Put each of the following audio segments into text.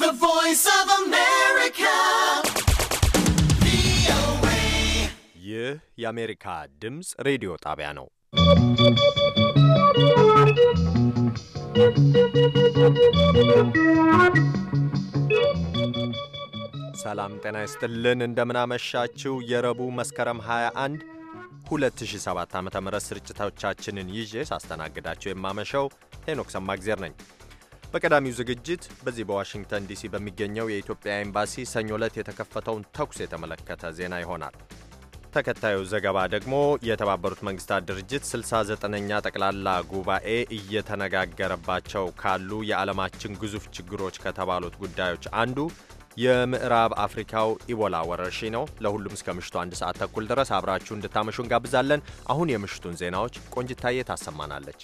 The voice of America. ይህ የአሜሪካ ድምፅ ሬዲዮ ጣቢያ ነው። ሰላም ጤና ይስጥልን። እንደምናመሻችው የረቡዕ መስከረም 21 2007 ዓ ም ስርጭቶቻችንን ይዤ ሳስተናግዳቸው የማመሸው ሄኖክ ሰማግዜር ነኝ። በቀዳሚው ዝግጅት በዚህ በዋሽንግተን ዲሲ በሚገኘው የኢትዮጵያ ኤምባሲ ሰኞ ዕለት የተከፈተውን ተኩስ የተመለከተ ዜና ይሆናል። ተከታዩ ዘገባ ደግሞ የተባበሩት መንግስታት ድርጅት 69ኛ ጠቅላላ ጉባኤ እየተነጋገረባቸው ካሉ የዓለማችን ግዙፍ ችግሮች ከተባሉት ጉዳዮች አንዱ የምዕራብ አፍሪካው ኢቦላ ወረርሽኝ ነው። ለሁሉም እስከ ምሽቱ አንድ ሰዓት ተኩል ድረስ አብራችሁ እንድታመሹ እንጋብዛለን። አሁን የምሽቱን ዜናዎች ቆንጅታዬ ታሰማናለች።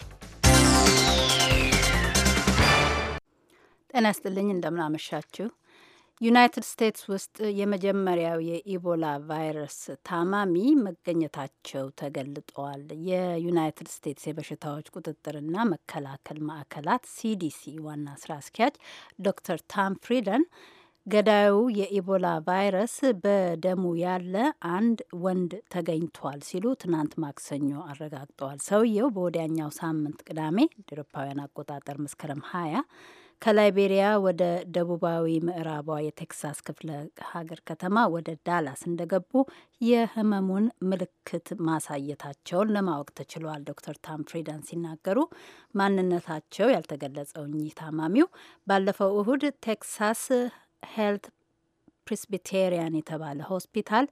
ጤና ይስጥልኝ እንደምናመሻችሁ። ዩናይትድ ስቴትስ ውስጥ የመጀመሪያው የኢቦላ ቫይረስ ታማሚ መገኘታቸው ተገልጠዋል። የዩናይትድ ስቴትስ የበሽታዎች ቁጥጥርና መከላከል ማዕከላት ሲዲሲ ዋና ስራ አስኪያጅ ዶክተር ታም ፍሪደን ገዳዩ የኢቦላ ቫይረስ በደሙ ያለ አንድ ወንድ ተገኝቷል ሲሉ ትናንት ማክሰኞ አረጋግጠዋል። ሰውየው በወዲያኛው ሳምንት ቅዳሜ ድርፓውያን አቆጣጠር መስከረም ሀያ ከላይቤሪያ ወደ ደቡባዊ ምዕራቧ የቴክሳስ ክፍለ ሀገር ከተማ ወደ ዳላስ እንደገቡ የህመሙን ምልክት ማሳየታቸውን ለማወቅ ተችሏል። ዶክተር ታም ፍሪደን ሲናገሩ ማንነታቸው ያልተገለጸው እኚህ ታማሚው ባለፈው እሁድ ቴክሳስ ሄልት ፕሬስቢቴሪያን የተባለ ሆስፒታል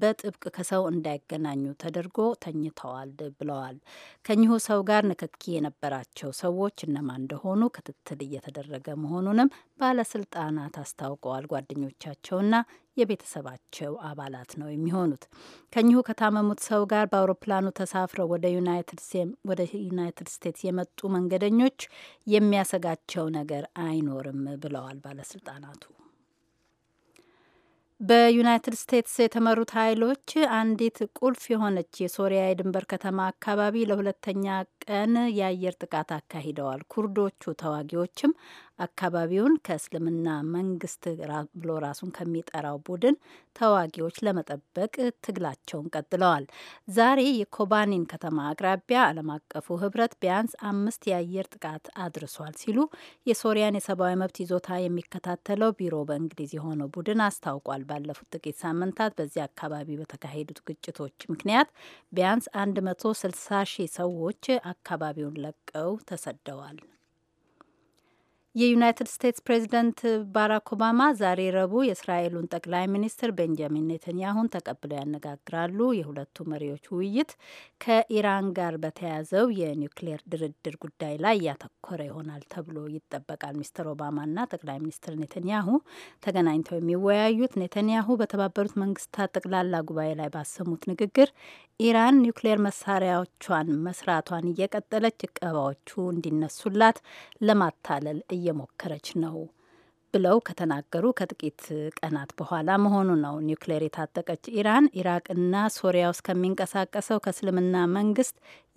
በጥብቅ ከሰው እንዳይገናኙ ተደርጎ ተኝተዋል ብለዋል። ከኚሁ ሰው ጋር ንክኪ የነበራቸው ሰዎች እነማ እንደሆኑ ክትትል እየተደረገ መሆኑንም ባለስልጣናት አስታውቀዋል። ጓደኞቻቸውና የቤተሰባቸው አባላት ነው የሚሆኑት። ከኚሁ ከታመሙት ሰው ጋር በአውሮፕላኑ ተሳፍረው ወደ ዩናይትድ ስቴትስ የመጡ መንገደኞች የሚያሰጋቸው ነገር አይኖርም ብለዋል ባለስልጣናቱ። በዩናይትድ ስቴትስ የተመሩት ኃይሎች አንዲት ቁልፍ የሆነች የሶሪያ የድንበር ከተማ አካባቢ ለሁለተኛ ቀን የአየር ጥቃት አካሂደዋል። ኩርዶቹ ተዋጊዎችም አካባቢውን ከእስልምና መንግስት ብሎ ራሱን ከሚጠራው ቡድን ተዋጊዎች ለመጠበቅ ትግላቸውን ቀጥለዋል። ዛሬ የኮባኒን ከተማ አቅራቢያ ዓለም አቀፉ ህብረት ቢያንስ አምስት የአየር ጥቃት አድርሷል ሲሉ የሶሪያን የሰብአዊ መብት ይዞታ የሚከታተለው ቢሮ በእንግሊዝ የሆነው ቡድን አስታውቋል። ባለፉት ጥቂት ሳምንታት በዚህ አካባቢ በተካሄዱት ግጭቶች ምክንያት ቢያንስ 160 ሺህ ሰዎች አካባቢውን ለቀው ተሰደዋል። የዩናይትድ ስቴትስ ፕሬዚደንት ባራክ ኦባማ ዛሬ ረቡዕ የእስራኤሉን ጠቅላይ ሚኒስትር ቤንጃሚን ኔተንያሁን ተቀብለው ያነጋግራሉ። የሁለቱ መሪዎች ውይይት ከኢራን ጋር በተያያዘው የኒውክሌር ድርድር ጉዳይ ላይ እያተኮረ ይሆናል ተብሎ ይጠበቃል። ሚስተር ኦባማና ጠቅላይ ሚኒስትር ኔተንያሁ ተገናኝተው የሚወያዩት ኔተንያሁ በተባበሩት መንግስታት ጠቅላላ ጉባኤ ላይ ባሰሙት ንግግር ኢራን ኒውክሌር መሳሪያዎቿን መስራቷን እየቀጠለች እቀባዎቹ እንዲነሱላት ለማታለል እየሞከረች ነው ብለው ከተናገሩ ከጥቂት ቀናት በኋላ መሆኑ ነው። ኒውክሌር የታጠቀች ኢራን ኢራቅና ሶሪያ ውስጥ ከሚንቀሳቀሰው ከእስልምና መንግስት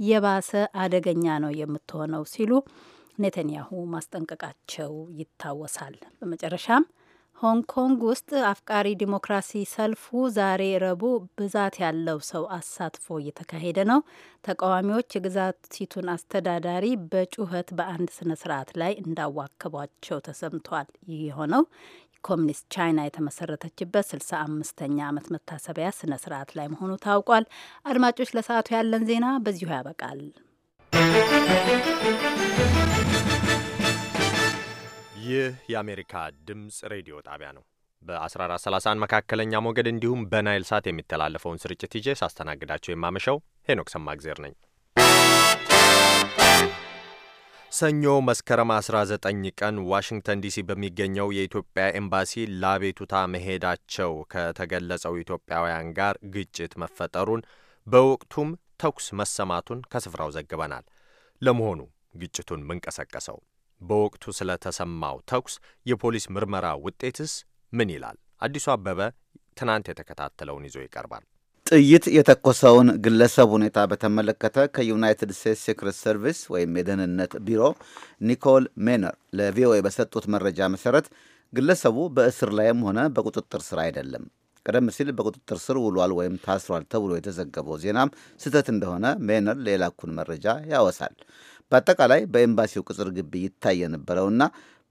የባሰ አደገኛ ነው የምትሆነው ሲሉ ኔተንያሁ ማስጠንቀቃቸው ይታወሳል። በመጨረሻም ሆንግ ኮንግ ውስጥ አፍቃሪ ዲሞክራሲ ሰልፉ ዛሬ ረቡዕ ብዛት ያለው ሰው አሳትፎ እየተካሄደ ነው። ተቃዋሚዎች የግዛቲቱን አስተዳዳሪ በጩኸት በአንድ ስነ ስርዓት ላይ እንዳዋከቧቸው ተሰምቷል። ይህ የሆነው ኮሚኒስት ቻይና የተመሰረተችበት ስልሳ አምስተኛ ዓመት መታሰቢያ ስነ ስርዓት ላይ መሆኑ ታውቋል። አድማጮች፣ ለሰዓቱ ያለን ዜና በዚሁ ያበቃል። ይህ የአሜሪካ ድምፅ ሬዲዮ ጣቢያ ነው። በ1431 መካከለኛ ሞገድ እንዲሁም በናይል ሳት የሚተላለፈውን ስርጭት ይዤ ሳስተናግዳቸው የማመሸው ሄኖክ ሰማግዜር ነኝ። ሰኞ መስከረም 19 ቀን ዋሽንግተን ዲሲ በሚገኘው የኢትዮጵያ ኤምባሲ ለአቤቱታ መሄዳቸው ከተገለጸው ኢትዮጵያውያን ጋር ግጭት መፈጠሩን በወቅቱም ተኩስ መሰማቱን ከስፍራው ዘግበናል። ለመሆኑ ግጭቱን ምን ቀሰቀሰው? በወቅቱ ስለተሰማው ተኩስ የፖሊስ ምርመራ ውጤትስ ምን ይላል? አዲሱ አበበ ትናንት የተከታተለውን ይዞ ይቀርባል። ጥይት የተኮሰውን ግለሰብ ሁኔታ በተመለከተ ከዩናይትድ ስቴትስ ሴክሬት ሰርቪስ ወይም የደህንነት ቢሮ ኒኮል ሜነር ለቪኦኤ በሰጡት መረጃ መሰረት ግለሰቡ በእስር ላይም ሆነ በቁጥጥር ስር አይደለም። ቀደም ሲል በቁጥጥር ስር ውሏል ወይም ታስሯል ተብሎ የተዘገበው ዜናም ስህተት እንደሆነ ሜነር ለላኩን መረጃ ያወሳል። በአጠቃላይ በኤምባሲው ቅጽር ግቢ ይታይ የነበረውና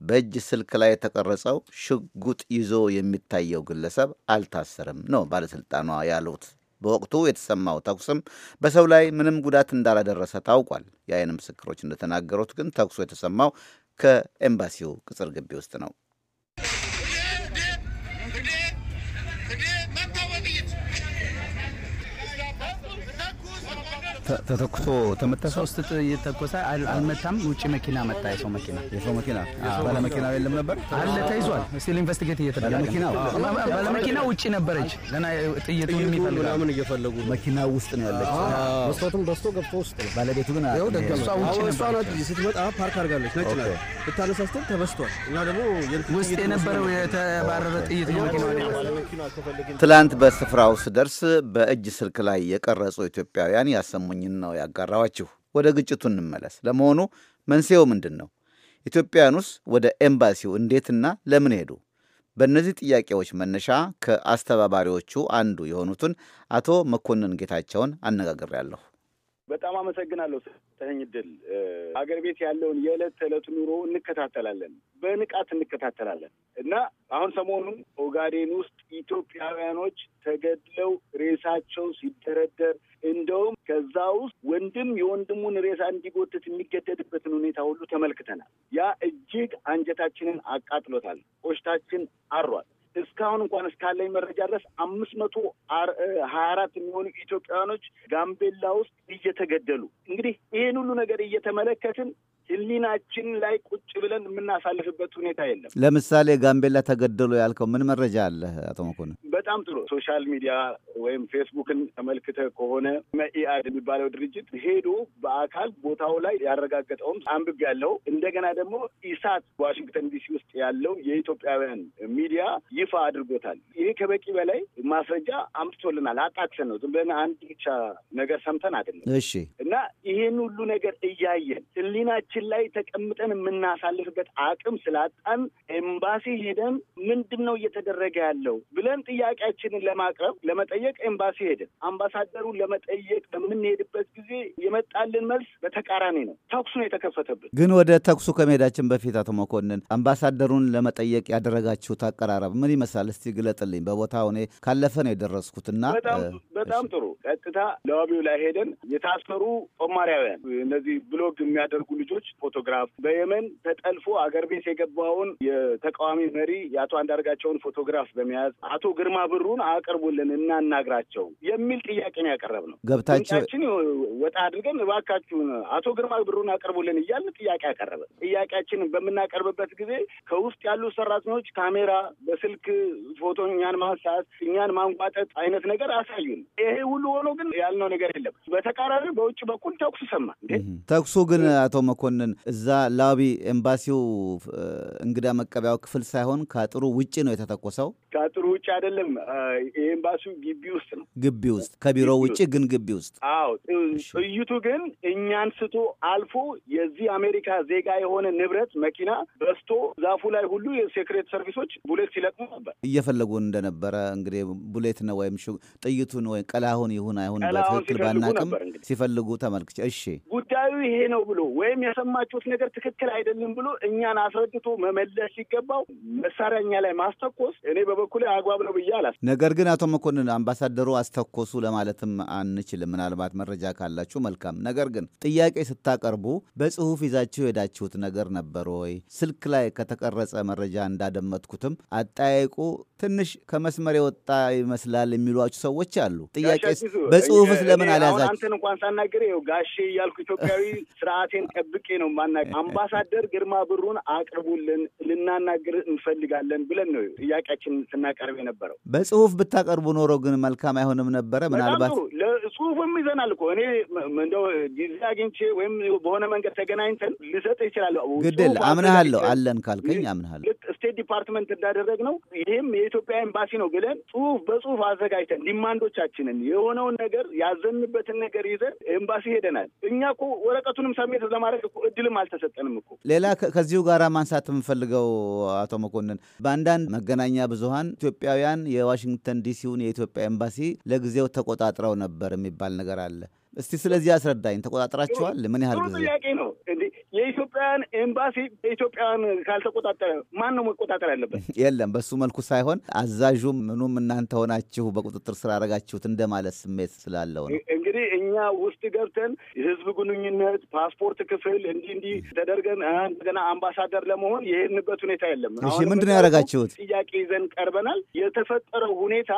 በእጅ ስልክ ላይ የተቀረጸው ሽጉጥ ይዞ የሚታየው ግለሰብ አልታሰርም ነው ባለሥልጣኗ ያሉት። በወቅቱ የተሰማው ተኩስም በሰው ላይ ምንም ጉዳት እንዳላደረሰ ታውቋል። የአይን ምስክሮች እንደተናገሩት ግን ተኩሱ የተሰማው ከኤምባሲው ቅጽር ግቢ ውስጥ ነው። ተተኩሶ ተመታ። ሶስት ጥይት ተኮሰ። አልመታም። ውጭ መኪና መጣ። የሰው መኪና የሰው መኪና ባለ መኪናው የለም ነበር አለ ተይዟል። ስቲል ኢንቨስቲጌት እየተደረገ መኪናው ባለ መኪናው ውጭ ነበረች። ገና ጥይቱ ምናምን እየፈለጉ መኪና ውስጥ ነው ያለች። መስታወቱም በስቶ ገብቶ ውስጥ ነው። ባለቤቱ ግን ያው ደጋ እሷ ናት ስትመጣ ፓርክ አድርጋለች። ነጭ ነው ብታነሳ ተበስቷል። እኛ ደግሞ ውስጥ የነበረው የተባረረ ጥይት ነው መኪናው። ትላንት በስፍራው ስደርስ በእጅ ስልክ ላይ የቀረጹ ኢትዮጵያውያን ያሰሙኝ ገጠመኝን ነው ያጋራዋችሁ። ወደ ግጭቱ እንመለስ። ለመሆኑ መንስኤው ምንድን ነው? ኢትዮጵያውያኑስ ወደ ኤምባሲው እንዴትና ለምን ሄዱ? በእነዚህ ጥያቄዎች መነሻ ከአስተባባሪዎቹ አንዱ የሆኑትን አቶ መኮንን ጌታቸውን አነጋግሬያለሁ። በጣም አመሰግናለሁ ስለሰጠኸኝ እድል። አገር ቤት ያለውን የዕለት ተዕለት ኑሮ እንከታተላለን፣ በንቃት እንከታተላለን እና አሁን ሰሞኑን ኦጋዴን ውስጥ ኢትዮጵያውያኖች ተገድለው ሬሳቸው ሲደረደር እንደውም ከዛ ውስጥ ወንድም የወንድሙን ሬሳ እንዲጎትት የሚገደድበትን ሁኔታ ሁሉ ተመልክተናል። ያ እጅግ አንጀታችንን አቃጥሎታል፣ ቆሽታችን አሯል። እስካሁን እንኳን እስካለኝ መረጃ ድረስ አምስት መቶ ሀያ አራት የሚሆኑ ኢትዮጵያውያኖች ጋምቤላ ውስጥ እየተገደሉ እንግዲህ ይህን ሁሉ ነገር እየተመለከትን ህሊናችን ላይ ቁጭ ብለን የምናሳልፍበት ሁኔታ የለም። ለምሳሌ ጋምቤላ ተገደሉ ያልከው ምን መረጃ አለ አቶ መኮንን? በጣም ጥሩ። ሶሻል ሚዲያ ወይም ፌስቡክን ተመልክተ ከሆነ መኢአድ የሚባለው ድርጅት ሄዶ በአካል ቦታው ላይ ያረጋገጠውም አንብብ ያለው እንደገና ደግሞ ኢሳት ዋሽንግተን ዲሲ ውስጥ ያለው የኢትዮጵያውያን ሚዲያ ይፋ አድርጎታል። ይህ ከበቂ በላይ ማስረጃ አምጥቶልናል። አጣቅሰን ነው ዝም ብለን አንድ ብቻ ነገር ሰምተን አይደለም። እሺ እና ይህን ሁሉ ነገር እያየን ህሊናችን ላይ ተቀምጠን የምናሳልፍበት አቅም ስላጣን ኤምባሲ ሄደን ምንድን ነው እየተደረገ ያለው ብለን ጥያቄያችንን ለማቅረብ ለመጠየቅ ኤምባሲ ሄደን አምባሳደሩን ለመጠየቅ በምንሄድበት ጊዜ የመጣልን መልስ በተቃራኒ ነው። ተኩሱ ነው የተከፈተብን። ግን ወደ ተኩሱ ከመሄዳችን በፊት አቶ መኮንን አምባሳደሩን ለመጠየቅ ያደረጋችሁት አቀራረብ ምን ይመስላል? እስቲ ግለጥልኝ። በቦታው እኔ ካለፈ ነው የደረስኩትና በጣም ጥሩ። ቀጥታ ለዋቢው ላይ ሄደን የታሰሩ ጦማሪያውያን፣ እነዚህ ብሎግ የሚያደርጉ ልጆች ፎቶግራፍ በየመን ተጠልፎ አገር ቤት የገባውን የተቃዋሚ መሪ የአቶ አንዳርጋቸውን ፎቶግራፍ በመያዝ አቶ ግርማ ብሩን አቅርቡልን እናናግራቸው የሚል ጥያቄ ነው ነው። ገብታችን ወጣ አድርገን እባካችሁን አቶ ግርማ ብሩን አቅርቡልን እያልን ጥያቄ አቀረበ። ጥያቄያችንን በምናቀርብበት ጊዜ ከውስጥ ያሉ ሰራተኞች ካሜራ በስልክ ስልክ ፎቶ እኛን ማሳት፣ እኛን ማንቋጠጥ አይነት ነገር አሳዩን። ይሄ ሁሉ ሆኖ ግን ያልነው ነገር የለም። በተቃራኒ በውጭ በኩል ተኩሱ ሰማ። ተኩሱ ግን አቶ መኮንን እዛ ላቢ ኤምባሲው እንግዳ መቀበያው ክፍል ሳይሆን ከአጥሩ ውጭ ነው የተተኮሰው። ከአጥሩ ውጭ አይደለም፣ የኤምባሲው ግቢ ውስጥ ነው። ግቢ ውስጥ ከቢሮ ውጭ ግን ግቢ ውስጥ። አዎ ጥይቱ ግን እኛን ስቶ አልፎ የዚህ አሜሪካ ዜጋ የሆነ ንብረት መኪና በስቶ ዛፉ ላይ ሁሉ የሴክሬት ሰርቪሶች ቡሌት ሲለቅሙ ነበር እየፈለጉን እንደነበረ እንግዲህ ቡሌት ነው ወይም ጥይቱን ወይም ቀላሁን ይሁን አይሁን በትክክል ባናቅም ሲፈልጉ ተመልክቼ፣ እሺ ጉዳዩ ይሄ ነው ብሎ ወይም የሰማችሁት ነገር ትክክል አይደለም ብሎ እኛን አስረድቶ መመለስ ሲገባው መሳሪያ እኛ ላይ ማስተኮስ እኔ በበኩሌ አግባብ ነው ብዬ አላስ ነገር ግን አቶ መኮንን አምባሳደሩ አስተኮሱ ለማለትም አንችልም። ምናልባት መረጃ ካላችሁ መልካም። ነገር ግን ጥያቄ ስታቀርቡ በጽሁፍ ይዛችሁ የሄዳችሁት ነገር ነበር ወይ? ስልክ ላይ ከተቀረጸ መረጃ እንዳደመጥኩትም አጣ ሲጠያይቁ ትንሽ ከመስመር የወጣ ይመስላል የሚሏችሁ ሰዎች አሉ። ጥያቄ በጽሁፍስ ለምን አልያዛችሁ? አንተን እንኳን ሳናገር ው ጋሼ እያልኩ ኢትዮጵያዊ ስርዓቴን ጠብቄ ነው ማናገር። አምባሳደር ግርማ ብሩን አቅርቡልን ልናናግር እንፈልጋለን ብለን ነው ጥያቄያችን ስናቀርብ የነበረው። በጽሁፍ ብታቀርቡ ኖሮ ግን መልካም አይሆንም ነበረ። ምናልባት ጽሁፍም ይዘናል እኮ እኔ እንደው ጊዜ አግኝቼ ወይም በሆነ መንገድ ተገናኝተን ልሰጥ ይችላለሁ። ግድል አምናሃለሁ አለን ካልከኝ አምናሃለሁ። ስቴት ዲፓርትመንት እንዳደረግ ነው ይህም የኢትዮጵያ ኤምባሲ ነው ብለን ጽሁፍ በጽሁፍ አዘጋጅተን ዲማንዶቻችንን የሆነውን ነገር ያዘንበትን ነገር ይዘን ኤምባሲ ሄደናል። እኛ እኮ ወረቀቱንም ሰሜት ለማድረግ እድልም አልተሰጠንም እኮ። ሌላ ከዚሁ ጋር ማንሳት የምፈልገው አቶ መኮንን በአንዳንድ መገናኛ ብዙሀን ኢትዮጵያውያን የዋሽንግተን ዲሲውን የኢትዮጵያ ኤምባሲ ለጊዜው ተቆጣጥረው ነበር የሚባል ነገር አለ። እስቲ ስለዚህ አስረዳኝ ተቆጣጠራችኋል? ምን ያህል ጊዜ? ጥያቄ ነው። የኢትዮጵያን ኤምባሲ በኢትዮጵያን ካልተቆጣጠረ ማን ነው መቆጣጠር ያለበት? የለም በሱ መልኩ ሳይሆን አዛዡም ምኑም እናንተ ሆናችሁ በቁጥጥር ስር አደረጋችሁት እንደማለት ስሜት ስላለው ነው። እንግዲህ እኛ ውስጥ ገብተን የህዝብ ግንኙነት ፓስፖርት ክፍል እንዲህ እንዲህ ተደርገን እንደገና አምባሳደር ለመሆን የሄድንበት ሁኔታ የለም። ምንድን ነው ያደረጋችሁት? ጥያቄ ይዘን ቀርበናል። የተፈጠረው ሁኔታ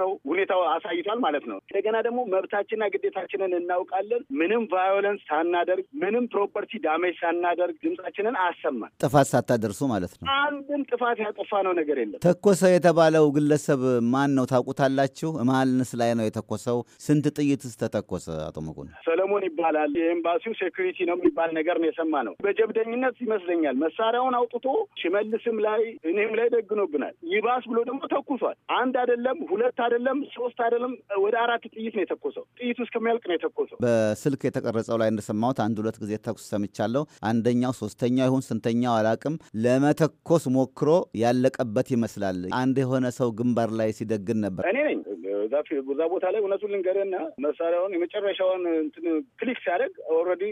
ነው ሁኔታው አሳይቷል ማለት ነው። እንደገና ደግሞ መብታችንና ግዴታችንን እናውቃለን። ምንም ቫዮለንስ ሳናደርግ፣ ምንም ፕሮፐርቲ ዳሜጅ ሳናደርግ ድምጻችንን አሰማል። ጥፋት ሳታደርሱ ማለት ነው። አንድም ጥፋት ያጠፋ ነው ነገር የለም። ተኮሰ የተባለው ግለሰብ ማን ነው ታውቁታላችሁ? መሀልንስ ላይ ነው የተኮሰው። ስንት ጥይትስ ተተኮሰ? አቶ መኮንን ሰለሞን ይባላል። የኤምባሲው ሴኩሪቲ ነው የሚባል ነገር ነው የሰማ ነው። በጀብደኝነት ይመስለኛል መሳሪያውን አውጥቶ ሽመልስም ላይ እኔም ላይ ደግኖብናል። ይባስ ብሎ ደግሞ ተኩሷል። አንድ አይደለም፣ ሁለት አይደለም፣ ሶስት አይደለም፣ ወደ አራት ጥይት ነው የተኮሰው። ጥይቱ እስከሚያልቅ ነው የተኮሰው። በስልክ የተቀረጸው ላይ እንደሰማሁት አንድ ሁለት ጊዜ ተኩስ ሰምቻለሁ። አንደኛው ሶስተኛው ይሁን ስንተኛው አላቅም ለመተኮስ ሞክሮ ያለቀበት ይመስላል። አንድ የሆነ ሰው ግንባር ላይ ሲደግን ነበር። እኔ ነኝ እዛ ቦታ ላይ እውነቱን ልንገርህና መሳሪያውን የመጨረሻውን እንትን ክሊክ ሲያደርግ ኦልሬዲ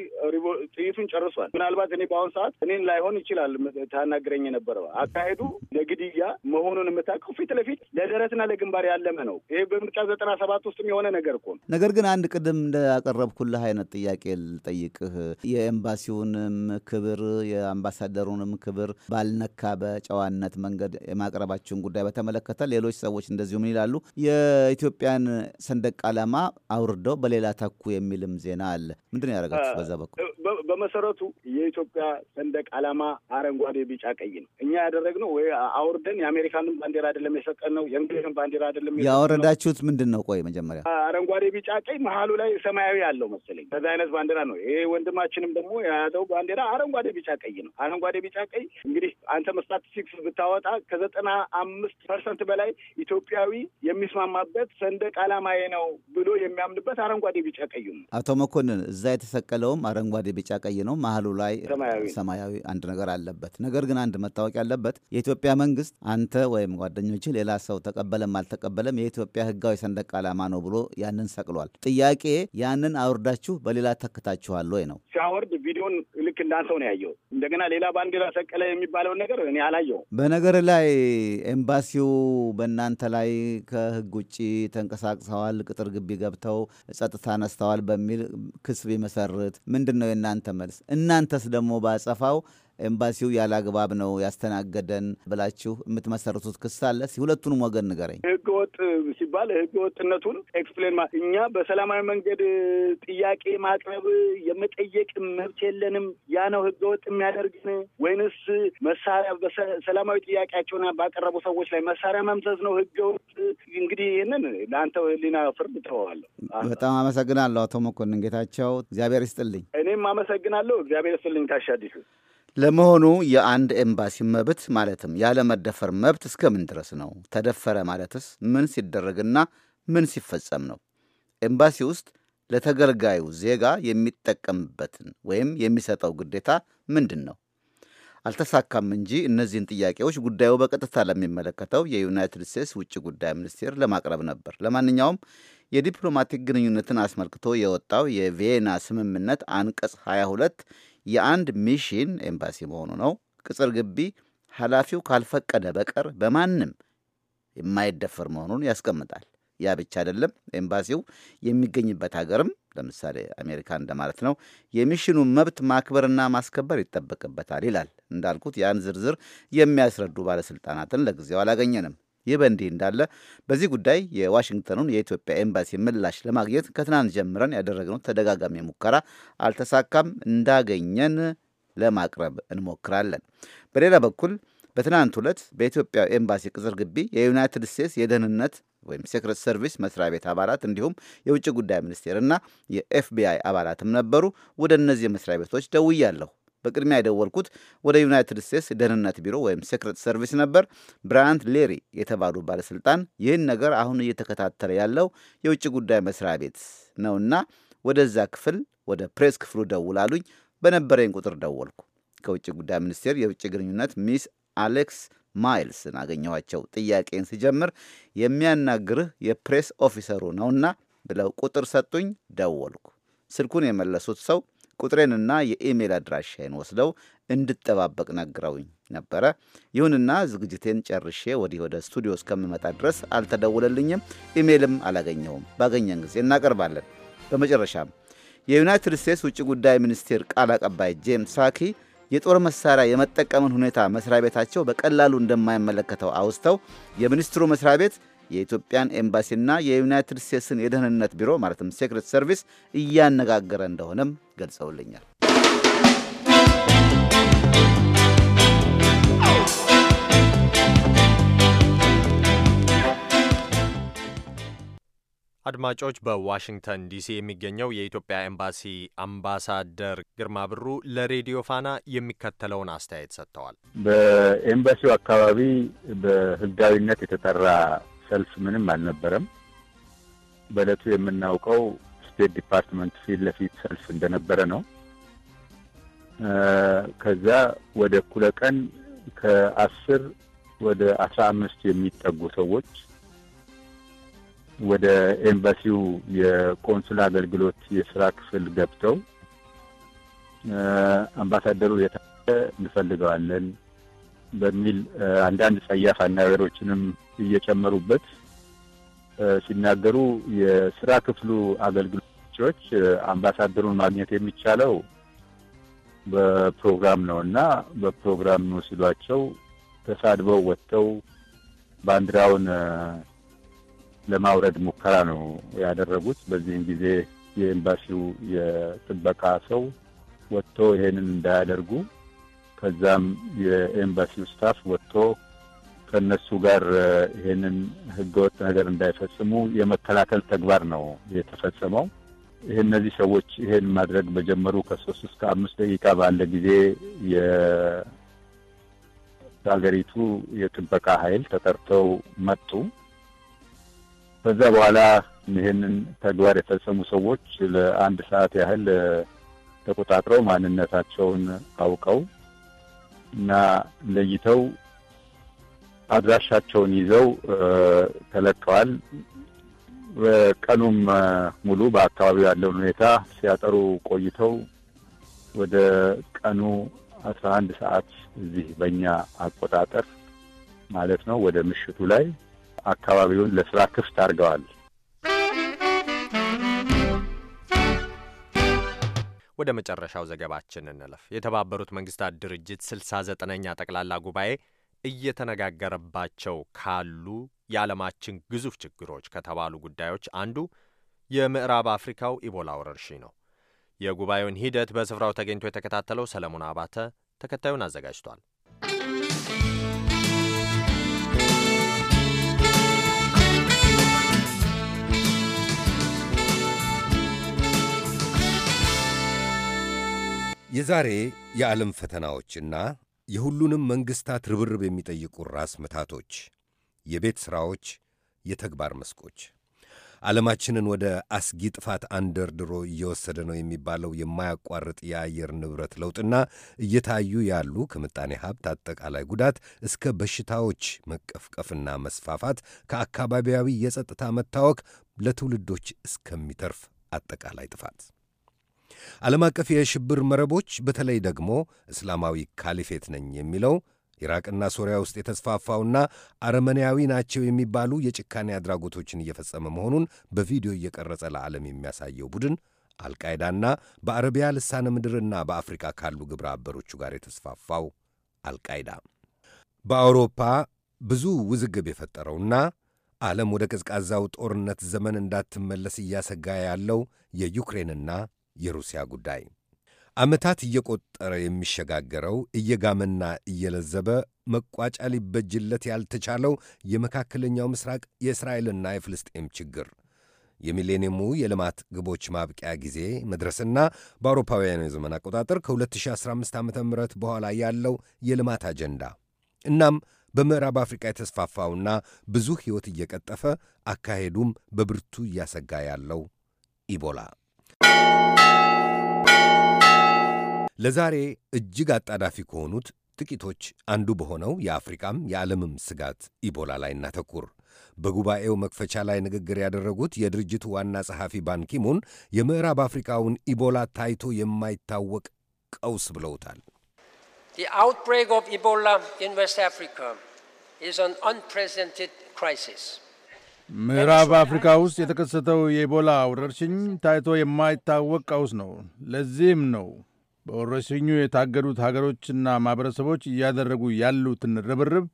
ጥይቱን ጨርሷል። ምናልባት እኔ በአሁን ሰዓት እኔን ላይሆን ይችላል ታናግረኝ የነበረው አካሄዱ ለግድያ መሆኑን የምታውቀው ፊት ለፊት ለደረትና ለግንባር ያለመ ነው። ይሄ በምርጫ ዘጠና ሰባት ውስጥም የሆነ ነገር እኮ ነው። ነገር ግን አንድ ቅድም እንዳቀረብኩልህ አይነት ጥያቄ ልጠይቅህ የኤምባሲውንም ክብር የአምባሳደሩንም ክብር ባልነካ በጨዋነት መንገድ የማቅረባችሁን ጉዳይ በተመለከተ ሌሎች ሰዎች እንደዚሁ ምን ይላሉ? የኢትዮጵያን ሰንደቅ ዓላማ አውርደው በሌላ ታኩ የሚልም ዜና አለ። ምንድን ነው ያደረጋችሁ በዛ በኩል? በመሰረቱ የኢትዮጵያ ሰንደቅ ዓላማ አረንጓዴ፣ ቢጫ፣ ቀይ ነው። እኛ ያደረግነው ወይ አውርደን የአሜሪካንን ባንዲራ አይደለም የሰጠን ነው የእንግሊዝን ባንዲራ አይደለም። ያወረዳችሁት ምንድን ነው? ቆይ መጀመሪያ አረንጓዴ፣ ቢጫ፣ ቀይ መሀሉ ላይ ሰማያዊ አለው መሰለኝ ከዚ አይነት ባንዲራ ነው። ይሄ ወንድማችንም ደግሞ የያዘው ባንዲራ አረንጓዴ፣ ቢጫ፣ ቀይ ነው። አረንጓዴ፣ ቢጫ፣ ቀይ እንግዲህ አንተ ስታቲስቲክስ ብታወጣ ከዘጠና አምስት ፐርሰንት በላይ ኢትዮጵያዊ የሚስማማበት ሰንደቅ ዓላማዬ ነው ብሎ የሚያምንበት አረንጓዴ፣ ቢጫ ቀዩ ነው። አቶ መኮንን እዛ የተሰቀለውም አረንጓዴ፣ ቢጫ ቀይ ነው። መሀሉ ላይ ሰማያዊ አንድ ነገር አለበት። ነገር ግን አንድ መታወቅ ያለበት የኢትዮጵያ መንግስት አንተ ወይም ጓደኞች ሌላ ሰው ተቀበለም አልተቀበለም የኢትዮጵያ ህጋዊ ሰንደቅ ዓላማ ነው ብሎ ያንን ሰቅሏል። ጥያቄ ያንን አውርዳችሁ በሌላ ተክታችኋል ወይ ነው። ሲያወርድ ቪዲዮን ልክ እንዳንተው ነው ያየው። እንደገና ሌላ ባንዲራ ሰቀለ የሚባለውን ነገር እኔ አላየው። በነገር ላይ ኤምባሲው በእናንተ ላይ ከህግ ውጭ ተንቀሳቅሰዋል፣ ቅጥር ግቢ ገብተው ጸጥታ ነስተዋል በሚል ክስ ቢመሰርት ምንድን ነው የእናንተ መልስ? እናንተስ ደግሞ ባጸፋው ኤምባሲው ያለ አግባብ ነው ያስተናገደን ብላችሁ የምትመሰርቱት ክስ አለ? ሁለቱንም ወገን ንገረኝ። ህገ ወጥ ሲባል ህገ ወጥነቱን ኤክስፕሌን እኛ በሰላማዊ መንገድ ጥያቄ ማቅረብ የመጠየቅ መብት የለንም፣ ያ ነው ህገ ወጥ የሚያደርግን ወይንስ መሳሪያ ሰላማዊ ጥያቄያቸውን ባቀረቡ ሰዎች ላይ መሳሪያ መምሰስ ነው ህገ ወጥ? እንግዲህ ይህንን ለአንተ ህሊና ፍርድ ተወዋለሁ። በጣም አመሰግናለሁ አቶ መኮንን ጌታቸው፣ እግዚአብሔር ይስጥልኝ። እኔም አመሰግናለሁ። እግዚአብሔር ይስጥልኝ። ታሻ ለመሆኑ የአንድ ኤምባሲ መብት ማለትም ያለመደፈር መብት እስከምን ድረስ ነው? ተደፈረ ማለትስ ምን ሲደረግና ምን ሲፈጸም ነው? ኤምባሲ ውስጥ ለተገልጋዩ ዜጋ የሚጠቀምበትን ወይም የሚሰጠው ግዴታ ምንድን ነው? አልተሳካም እንጂ እነዚህን ጥያቄዎች ጉዳዩ በቀጥታ ለሚመለከተው የዩናይትድ ስቴትስ ውጭ ጉዳይ ሚኒስቴር ለማቅረብ ነበር። ለማንኛውም የዲፕሎማቲክ ግንኙነትን አስመልክቶ የወጣው የቪየና ስምምነት አንቀጽ 22 የአንድ ሚሽን ኤምባሲ መሆኑ ነው ቅጽር ግቢ ኃላፊው ካልፈቀደ በቀር በማንም የማይደፈር መሆኑን ያስቀምጣል። ያ ብቻ አይደለም። ኤምባሲው የሚገኝበት ሀገርም ለምሳሌ አሜሪካ እንደማለት ነው፣ የሚሽኑ መብት ማክበርና ማስከበር ይጠበቅበታል ይላል። እንዳልኩት ያን ዝርዝር የሚያስረዱ ባለስልጣናትን ለጊዜው አላገኘንም። ይህ በእንዲህ እንዳለ በዚህ ጉዳይ የዋሽንግተኑን የኢትዮጵያ ኤምባሲ ምላሽ ለማግኘት ከትናንት ጀምረን ያደረግነው ተደጋጋሚ ሙከራ አልተሳካም። እንዳገኘን ለማቅረብ እንሞክራለን። በሌላ በኩል በትናንት ዕለት በኢትዮጵያ ኤምባሲ ቅጽር ግቢ የዩናይትድ ስቴትስ የደህንነት ወይም ሴክሬት ሰርቪስ መስሪያ ቤት አባላት እንዲሁም የውጭ ጉዳይ ሚኒስቴርና የኤፍቢአይ አባላትም ነበሩ። ወደ እነዚህ መስሪያ ቤቶች ደውያለሁ። በቅድሚያ የደወልኩት ወደ ዩናይትድ ስቴትስ ደህንነት ቢሮ ወይም ሴክሬት ሰርቪስ ነበር። ብራያንት ሌሪ የተባሉ ባለሥልጣን ይህን ነገር አሁን እየተከታተለ ያለው የውጭ ጉዳይ መስሪያ ቤት ነውና ወደዛ ክፍል ወደ ፕሬስ ክፍሉ ደውል አሉኝ። በነበረኝ ቁጥር ደወልኩ። ከውጭ ጉዳይ ሚኒስቴር የውጭ ግንኙነት ሚስ አሌክስ ማይልስን አገኘኋቸው። ጥያቄን ስጀምር የሚያናግርህ የፕሬስ ኦፊሰሩ ነውና ብለው ቁጥር ሰጡኝ። ደወልኩ። ስልኩን የመለሱት ሰው ቁጥሬንና የኢሜል አድራሻዬን ወስደው እንድጠባበቅ ነግረውኝ ነበረ። ይሁንና ዝግጅቴን ጨርሼ ወዲህ ወደ ስቱዲዮ እስከምመጣ ድረስ አልተደውለልኝም ኢሜልም አላገኘሁም። ባገኘን ጊዜ እናቀርባለን። በመጨረሻም የዩናይትድ ስቴትስ ውጭ ጉዳይ ሚኒስቴር ቃል አቀባይ ጄምስ ሳኪ የጦር መሳሪያ የመጠቀምን ሁኔታ መስሪያ ቤታቸው በቀላሉ እንደማይመለከተው አውስተው የሚኒስትሩ መስሪያ ቤት የኢትዮጵያን ኤምባሲና የዩናይትድ ስቴትስን የደህንነት ቢሮ ማለትም ሴክሬት ሰርቪስ እያነጋገረ እንደሆነም ገልጸውልኛል። አድማጮች በዋሽንግተን ዲሲ የሚገኘው የኢትዮጵያ ኤምባሲ አምባሳደር ግርማ ብሩ ለሬዲዮ ፋና የሚከተለውን አስተያየት ሰጥተዋል። በኤምባሲው አካባቢ በህጋዊነት የተጠራ ሰልፍ ምንም አልነበረም። በእለቱ የምናውቀው ስቴት ዲፓርትመንት ፊት ለፊት ሰልፍ እንደነበረ ነው። ከዛ ወደ እኩለ ቀን ከአስር ወደ አስራ አምስት የሚጠጉ ሰዎች ወደ ኤምባሲው የቆንስል አገልግሎት የስራ ክፍል ገብተው አምባሳደሩ የታ እንፈልገዋለን በሚል አንዳንድ ጸያፍ አነጋገሮችንም እየጨመሩበት ሲናገሩ የስራ ክፍሉ አገልግሎቶች አምባሳደሩን ማግኘት የሚቻለው በፕሮግራም ነው እና በፕሮግራም ነው ሲሏቸው ተሳድበው ወጥተው ባንዲራውን ለማውረድ ሙከራ ነው ያደረጉት። በዚህም ጊዜ የኤምባሲው የጥበቃ ሰው ወጥቶ ይሄንን እንዳያደርጉ ከዛም የኤምባሲው ስታፍ ወጥቶ ከእነሱ ጋር ይሄንን ህገወጥ ነገር እንዳይፈጽሙ የመከላከል ተግባር ነው የተፈጸመው። ይህ እነዚህ ሰዎች ይሄን ማድረግ በጀመሩ ከሶስት እስከ አምስት ደቂቃ ባለ ጊዜ የሀገሪቱ የጥበቃ ኃይል ተጠርተው መጡ። ከዛ በኋላ ይህንን ተግባር የፈጸሙ ሰዎች ለአንድ ሰዓት ያህል ተቆጣጥረው ማንነታቸውን አውቀው እና ለይተው አድራሻቸውን ይዘው ተለቀዋል። ቀኑም ሙሉ በአካባቢው ያለውን ሁኔታ ሲያጠሩ ቆይተው ወደ ቀኑ አስራ አንድ ሰዓት እዚህ በእኛ አቆጣጠር ማለት ነው ወደ ምሽቱ ላይ አካባቢውን ለስራ ክፍት አድርገዋል። ወደ መጨረሻው ዘገባችን እንለፍ። የተባበሩት መንግስታት ድርጅት ስልሳ ዘጠነኛ ጠቅላላ ጉባኤ እየተነጋገረባቸው ካሉ የዓለማችን ግዙፍ ችግሮች ከተባሉ ጉዳዮች አንዱ የምዕራብ አፍሪካው ኢቦላ ወረርሽኝ ነው። የጉባኤውን ሂደት በስፍራው ተገኝቶ የተከታተለው ሰለሞን አባተ ተከታዩን አዘጋጅቷል። የዛሬ የዓለም ፈተናዎችና የሁሉንም መንግሥታት ርብርብ የሚጠይቁ ራስ ምታቶች፣ የቤት ሥራዎች፣ የተግባር መስኮች ዓለማችንን ወደ አስጊ ጥፋት አንደርድሮ እየወሰደ ነው የሚባለው የማያቋርጥ የአየር ንብረት ለውጥና እየታዩ ያሉ ከምጣኔ ሀብት አጠቃላይ ጉዳት እስከ በሽታዎች መቀፍቀፍና መስፋፋት ከአካባቢያዊ የጸጥታ መታወክ ለትውልዶች እስከሚተርፍ አጠቃላይ ጥፋት ዓለም አቀፍ የሽብር መረቦች በተለይ ደግሞ እስላማዊ ካሊፌት ነኝ የሚለው ኢራቅና ሶሪያ ውስጥ የተስፋፋውና አረመኔያዊ ናቸው የሚባሉ የጭካኔ አድራጎቶችን እየፈጸመ መሆኑን በቪዲዮ እየቀረጸ ለዓለም የሚያሳየው ቡድን አልቃይዳና በአረቢያ ልሳነ ምድርና በአፍሪካ ካሉ ግብረ አበሮቹ ጋር የተስፋፋው አልቃይዳ በአውሮፓ ብዙ ውዝግብ የፈጠረውና ዓለም ወደ ቀዝቃዛው ጦርነት ዘመን እንዳትመለስ እያሰጋ ያለው የዩክሬንና የሩሲያ ጉዳይ ዓመታት እየቆጠረ የሚሸጋገረው እየጋመና እየለዘበ መቋጫ ሊበጅለት ያልተቻለው የመካከለኛው ምስራቅ የእስራኤልና የፍልስጤም ችግር የሚሌኒየሙ የልማት ግቦች ማብቂያ ጊዜ መድረስና በአውሮፓውያኑ የዘመን አቆጣጠር ከ2015 ዓ ም በኋላ ያለው የልማት አጀንዳ እናም በምዕራብ አፍሪቃ የተስፋፋውና ብዙ ሕይወት እየቀጠፈ አካሄዱም በብርቱ እያሰጋ ያለው ኢቦላ ለዛሬ እጅግ አጣዳፊ ከሆኑት ጥቂቶች አንዱ በሆነው የአፍሪቃም የዓለምም ስጋት ኢቦላ ላይ እናተኩር። በጉባኤው መክፈቻ ላይ ንግግር ያደረጉት የድርጅቱ ዋና ጸሐፊ ባንኪሙን የምዕራብ አፍሪካውን ኢቦላ ታይቶ የማይታወቅ ቀውስ ብለውታል። ምዕራብ አፍሪካ ውስጥ የተከሰተው የኢቦላ ወረርሽኝ ታይቶ የማይታወቅ ቀውስ ነው። ለዚህም ነው በወረርሽኙ የታገዱት ሀገሮችና ማኅበረሰቦች እያደረጉ ያሉትን ርብርብ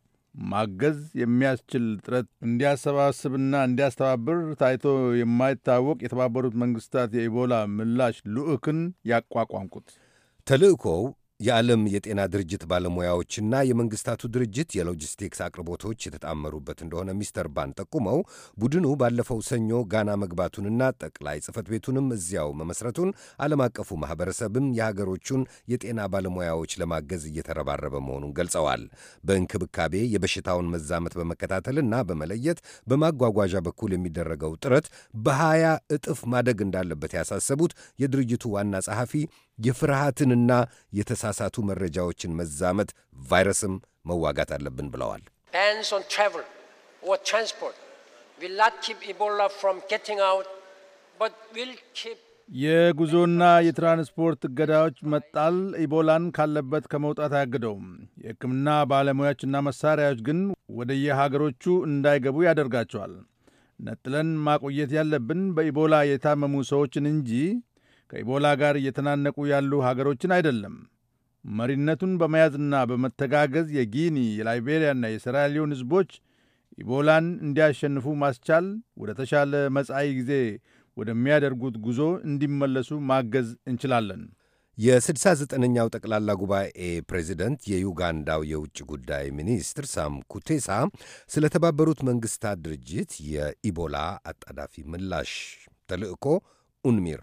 ማገዝ የሚያስችል ጥረት እንዲያሰባስብና እንዲያስተባብር ታይቶ የማይታወቅ የተባበሩት መንግሥታት የኢቦላ ምላሽ ልዑክን ያቋቋምቁት ተልእኮው የዓለም የጤና ድርጅት ባለሙያዎችና የመንግስታቱ ድርጅት የሎጂስቲክስ አቅርቦቶች የተጣመሩበት እንደሆነ ሚስተር ባን ጠቁመው ቡድኑ ባለፈው ሰኞ ጋና መግባቱንና ጠቅላይ ጽፈት ቤቱንም እዚያው መመስረቱን ዓለም አቀፉ ማህበረሰብም የሀገሮቹን የጤና ባለሙያዎች ለማገዝ እየተረባረበ መሆኑን ገልጸዋል። በእንክብካቤ የበሽታውን መዛመት በመከታተልና በመለየት በማጓጓዣ በኩል የሚደረገው ጥረት በሀያ እጥፍ ማደግ እንዳለበት ያሳሰቡት የድርጅቱ ዋና ጸሐፊ የፍርሃትንና የተሳሳቱ መረጃዎችን መዛመት ቫይረስም መዋጋት አለብን ብለዋል። የጉዞና የትራንስፖርት እገዳዎች መጣል ኢቦላን ካለበት ከመውጣት አያግደውም። የሕክምና ባለሙያዎችና መሳሪያዎች ግን ወደየሀገሮቹ እንዳይገቡ ያደርጋቸዋል። ነጥለን ማቆየት ያለብን በኢቦላ የታመሙ ሰዎችን እንጂ ከኢቦላ ጋር እየተናነቁ ያሉ ሀገሮችን አይደለም። መሪነቱን በመያዝና በመተጋገዝ የጊኒ የላይቤሪያና የሴራሊዮን ሕዝቦች ኢቦላን እንዲያሸንፉ ማስቻል ወደ ተሻለ መጻኢ ጊዜ ወደሚያደርጉት ጉዞ እንዲመለሱ ማገዝ እንችላለን። የ69ኛው ጠቅላላ ጉባኤ ፕሬዚደንት የዩጋንዳው የውጭ ጉዳይ ሚኒስትር ሳም ኩቴሳ ስለተባበሩት መንግሥታት ድርጅት የኢቦላ አጣዳፊ ምላሽ ተልዕኮ ኡንሚር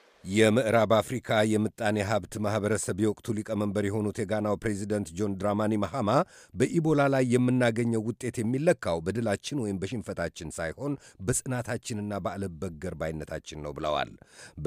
የምዕራብ አፍሪካ የምጣኔ ሀብት ማህበረሰብ የወቅቱ ሊቀመንበር የሆኑት የጋናው ፕሬዚደንት ጆን ድራማኒ መሃማ በኢቦላ ላይ የምናገኘው ውጤት የሚለካው በድላችን ወይም በሽንፈታችን ሳይሆን በጽናታችንና በአለበገር ባይነታችን ነው ብለዋል።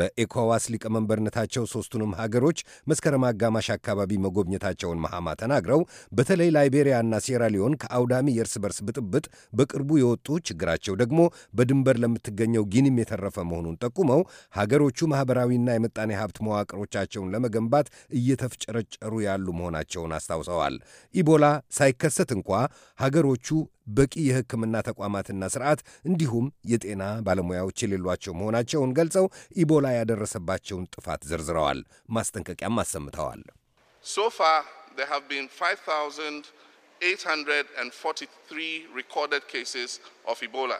በኤኮዋስ ሊቀመንበርነታቸው ሦስቱንም ሀገሮች መስከረም አጋማሽ አካባቢ መጎብኘታቸውን መሃማ ተናግረው በተለይ ላይቤሪያና ሴራሊዮን ከአውዳሚ የእርስ በርስ ብጥብጥ በቅርቡ የወጡ ችግራቸው ደግሞ በድንበር ለምትገኘው ጊኒም የተረፈ መሆኑን ጠቁመው ሀገሮቹ ማኅበራ የማኅበራዊና የምጣኔ ሀብት መዋቅሮቻቸውን ለመገንባት እየተፍጨረጨሩ ያሉ መሆናቸውን አስታውሰዋል። ኢቦላ ሳይከሰት እንኳ ሀገሮቹ በቂ የሕክምና ተቋማትና ስርዓት እንዲሁም የጤና ባለሙያዎች የሌሏቸው መሆናቸውን ገልጸው ኢቦላ ያደረሰባቸውን ጥፋት ዘርዝረዋል። ማስጠንቀቂያም አሰምተዋል። ሶፋ there have been 5,843 recorded ኬስስ ኦፍ ኢቦላ።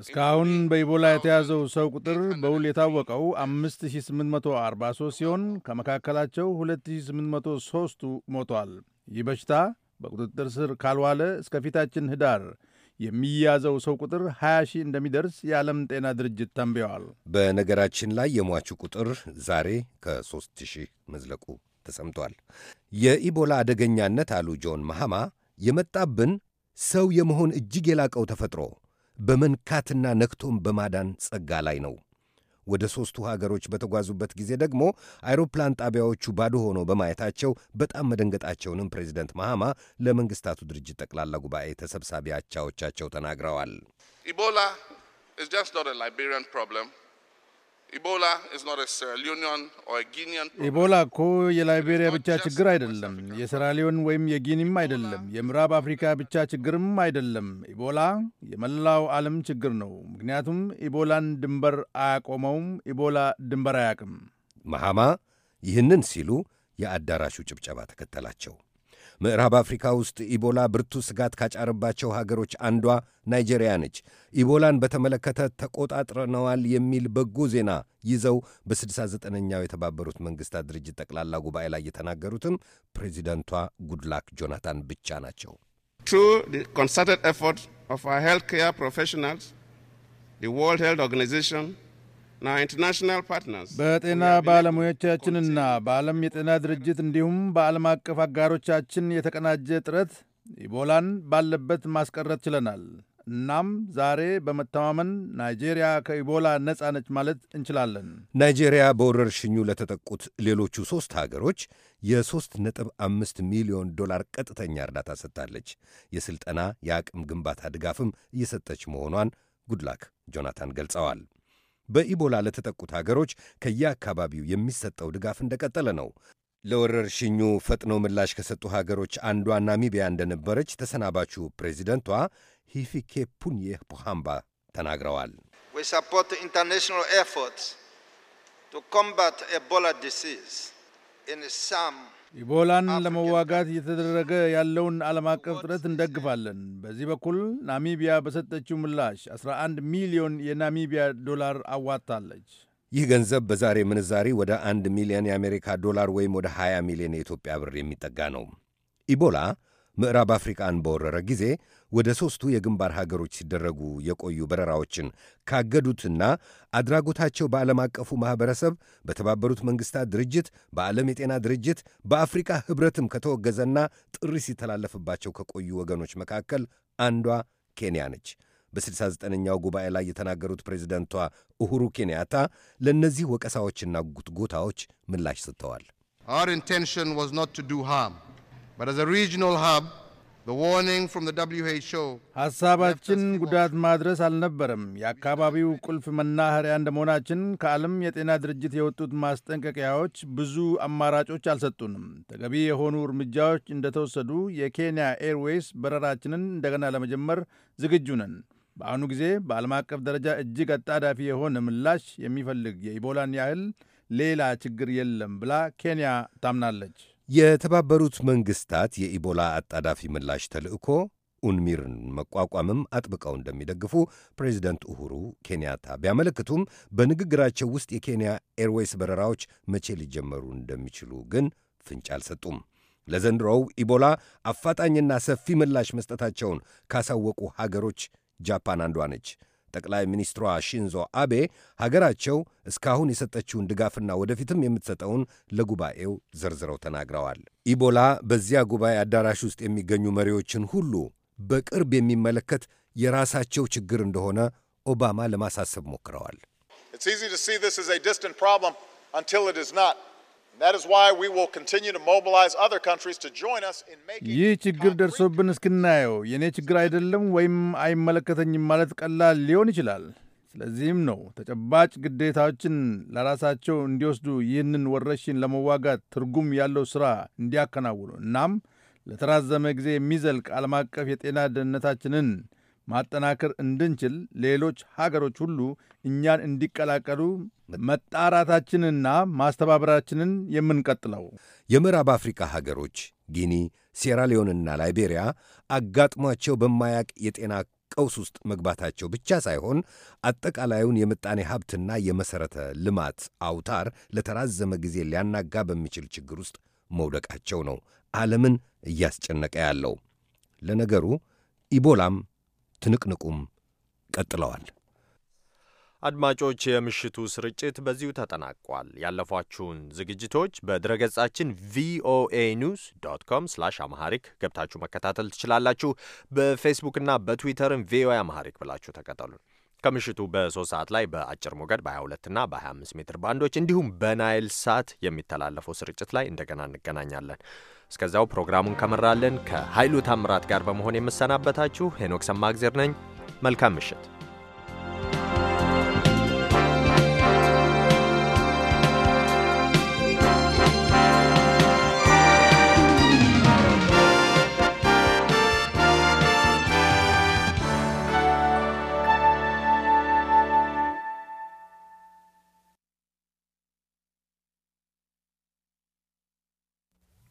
እስካሁን በኢቦላ የተያዘው ሰው ቁጥር በውል የታወቀው 5843 ሲሆን ከመካከላቸው 2803ቱ ሞቷል። ይህ በሽታ በቁጥጥር ስር ካልዋለ እስከ ፊታችን ህዳር የሚያዘው ሰው ቁጥር 20 ሺህ እንደሚደርስ የዓለም ጤና ድርጅት ተንብየዋል። በነገራችን ላይ የሟቹ ቁጥር ዛሬ ከ ሺህ መዝለቁ ተሰምቷል። የኢቦላ አደገኛነት አሉ ጆን ማሃማ የመጣብን ሰው የመሆን እጅግ የላቀው ተፈጥሮ በመንካትና ነክቶም በማዳን ጸጋ ላይ ነው። ወደ ሦስቱ ሀገሮች በተጓዙበት ጊዜ ደግሞ አይሮፕላን ጣቢያዎቹ ባዶ ሆኖ በማየታቸው በጣም መደንገጣቸውንም ፕሬዚደንት ማሃማ ለመንግሥታቱ ድርጅት ጠቅላላ ጉባኤ ተሰብሳቢ አቻዎቻቸው ተናግረዋል። ኢቦላ ኢቦላ እኮ የላይቤሪያ ብቻ ችግር አይደለም፣ የሴራሊዮን ወይም የጊኒም አይደለም፣ የምዕራብ አፍሪካ ብቻ ችግርም አይደለም። ኢቦላ የመላው ዓለም ችግር ነው። ምክንያቱም ኢቦላን ድንበር አያቆመውም። ኢቦላ ድንበር አያቅም። መሐማ ይህንን ሲሉ የአዳራሹ ጭብጨባ ተከተላቸው። ምዕራብ አፍሪካ ውስጥ ኢቦላ ብርቱ ስጋት ካጫረባቸው ሀገሮች አንዷ ናይጄሪያ ነች። ኢቦላን በተመለከተ ተቆጣጥረነዋል የሚል በጎ ዜና ይዘው በ69ኛው የተባበሩት መንግስታት ድርጅት ጠቅላላ ጉባኤ ላይ የተናገሩትም ፕሬዚደንቷ ጉድላክ ጆናታን ብቻ ናቸው። ኮንሰርትድ ኤፎርት ኦፍ ሄልዝ ኬር ፕሮፌሽናልስ ወርልድ ሄልዝ ኦርጋናይዜሽን በጤና ባለሙያዎቻችንና በዓለም የጤና ድርጅት እንዲሁም በዓለም አቀፍ አጋሮቻችን የተቀናጀ ጥረት ኢቦላን ባለበት ማስቀረት ችለናል። እናም ዛሬ በመተማመን ናይጄሪያ ከኢቦላ ነጻ ነች ማለት እንችላለን። ናይጄሪያ በወረርሽኙ ለተጠቁት ሌሎቹ ሦስት ሀገሮች የ3.5 ሚሊዮን ዶላር ቀጥተኛ እርዳታ ሰጥታለች። የሥልጠና የአቅም ግንባታ ድጋፍም እየሰጠች መሆኗን ጉድላክ ጆናታን ገልጸዋል። በኢቦላ ለተጠቁት ሀገሮች ከየአካባቢው የሚሰጠው ድጋፍ እንደቀጠለ ነው። ለወረርሽኙ ፈጥኖ ምላሽ ከሰጡ ሀገሮች አንዷ ናሚቢያ እንደነበረች ተሰናባቹ ፕሬዚደንቷ ሂፊኬ ሂፊኬፑንዬ ፖሃምባ ተናግረዋል። ኢንተርናሽናል ኤፎርትስ ቱ ኮምባት ኤቦላ ዲሲዝ ኢን ሳም ኢቦላን ለመዋጋት እየተደረገ ያለውን ዓለም አቀፍ ጥረት እንደግፋለን። በዚህ በኩል ናሚቢያ በሰጠችው ምላሽ 11 ሚሊዮን የናሚቢያ ዶላር አዋጥታለች። ይህ ገንዘብ በዛሬ ምንዛሪ ወደ 1 ሚሊዮን የአሜሪካ ዶላር ወይም ወደ 20 ሚሊዮን የኢትዮጵያ ብር የሚጠጋ ነው። ኢቦላ ምዕራብ አፍሪቃን በወረረ ጊዜ ወደ ሦስቱ የግንባር ሀገሮች ሲደረጉ የቆዩ በረራዎችን ካገዱትና አድራጎታቸው በዓለም አቀፉ ማኅበረሰብ፣ በተባበሩት መንግሥታት ድርጅት፣ በዓለም የጤና ድርጅት፣ በአፍሪካ ኅብረትም ከተወገዘና ጥሪ ሲተላለፍባቸው ከቆዩ ወገኖች መካከል አንዷ ኬንያ ነች። በ69ኛው ጉባኤ ላይ የተናገሩት ፕሬዚደንቷ ኡሁሩ ኬንያታ ለእነዚህ ወቀሳዎችና ጉትጎታዎች ምላሽ ሰጥተዋል። Our intention was not to do harm. ሐሳባችን ጉዳት ማድረስ አልነበረም። የአካባቢው ቁልፍ መናኸሪያ እንደመሆናችን ከዓለም የጤና ድርጅት የወጡት ማስጠንቀቂያዎች ብዙ አማራጮች አልሰጡንም። ተገቢ የሆኑ እርምጃዎች እንደተወሰዱ የኬንያ ኤርዌይስ በረራችንን እንደገና ለመጀመር ዝግጁ ነን። በአሁኑ ጊዜ በዓለም አቀፍ ደረጃ እጅግ አጣዳፊ የሆነ ምላሽ የሚፈልግ የኢቦላን ያህል ሌላ ችግር የለም ብላ ኬንያ ታምናለች። የተባበሩት መንግሥታት የኢቦላ አጣዳፊ ምላሽ ተልዕኮ ኡንሚርን መቋቋምም አጥብቀው እንደሚደግፉ ፕሬዚደንት ኡሁሩ ኬንያታ ቢያመለክቱም በንግግራቸው ውስጥ የኬንያ ኤርዌይስ በረራዎች መቼ ሊጀመሩ እንደሚችሉ ግን ፍንጭ አልሰጡም። ለዘንድሮው ኢቦላ አፋጣኝና ሰፊ ምላሽ መስጠታቸውን ካሳወቁ ሀገሮች ጃፓን አንዷ ነች። ጠቅላይ ሚኒስትሯ ሺንዞ አቤ ሀገራቸው እስካሁን የሰጠችውን ድጋፍና ወደፊትም የምትሰጠውን ለጉባኤው ዘርዝረው ተናግረዋል። ኢቦላ በዚያ ጉባኤ አዳራሽ ውስጥ የሚገኙ መሪዎችን ሁሉ በቅርብ የሚመለከት የራሳቸው ችግር እንደሆነ ኦባማ ለማሳሰብ ሞክረዋል። ይህ ችግር ደርሶብን እስክናየው የእኔ ችግር አይደለም ወይም አይመለከተኝም ማለት ቀላል ሊሆን ይችላል። ስለዚህም ነው ተጨባጭ ግዴታዎችን ለራሳቸው እንዲወስዱ ይህንን ወረርሽኝ ለመዋጋት ትርጉም ያለው ሥራ እንዲያከናውኑ እናም ለተራዘመ ጊዜ የሚዘልቅ ዓለም አቀፍ የጤና ደህንነታችንን ማጠናከር እንድንችል ሌሎች ሀገሮች ሁሉ እኛን እንዲቀላቀሉ መጣራታችንና ማስተባበራችንን የምንቀጥለው። የምዕራብ አፍሪካ ሀገሮች ጊኒ፣ ሴራሊዮንና ላይቤሪያ አጋጥሟቸው በማያቅ የጤና ቀውስ ውስጥ መግባታቸው ብቻ ሳይሆን አጠቃላዩን የምጣኔ ሀብትና የመሠረተ ልማት አውታር ለተራዘመ ጊዜ ሊያናጋ በሚችል ችግር ውስጥ መውደቃቸው ነው ዓለምን እያስጨነቀ ያለው። ለነገሩ ኢቦላም ትንቅንቁም ቀጥለዋል። አድማጮች፣ የምሽቱ ስርጭት በዚሁ ተጠናቋል። ያለፏችሁን ዝግጅቶች በድረገጻችን ቪኦኤ ኒውስ ዶት ኮም ስላሽ አማሐሪክ ገብታችሁ መከታተል ትችላላችሁ። በፌስቡክና በትዊተርም ቪኦኤ አማሐሪክ ብላችሁ ተከተሉን። ከምሽቱ በሶስት ሰዓት ላይ በአጭር ሞገድ በ22ና በ25 ሜትር ባንዶች እንዲሁም በናይል ሳት የሚተላለፈው ስርጭት ላይ እንደገና እንገናኛለን። እስከዛው ፕሮግራሙን ከመራለን ከኃይሉ ታምራት ጋር በመሆን የምሰናበታችሁ ሄኖክ ሰማእግዜር ነኝ። መልካም ምሽት።